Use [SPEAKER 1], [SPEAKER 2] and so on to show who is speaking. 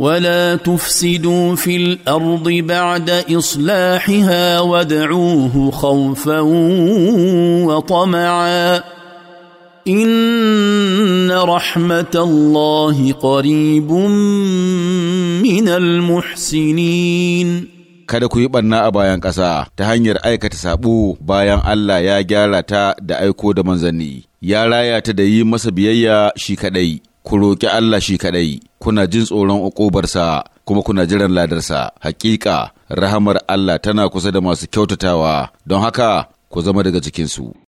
[SPEAKER 1] ولا تفسدوا في الارض بعد اصلاحها وادعوه خوفا وطمعا ان رحمه الله قريب من المحسنين
[SPEAKER 2] kada ku yi ɓanna a bayan ƙasa ta hanyar aikata sabo bayan Allah ya gyara ta da aiko da manzanni, ya raya ta da yi masa biyayya shi kaɗai. ku roƙi Allah shi kaɗai, kuna jin tsoron uƙobarsa kuma kuna jiran ladarsa, Haƙiƙa rahamar Allah tana kusa da masu kyautatawa, don haka ku zama daga cikinsu.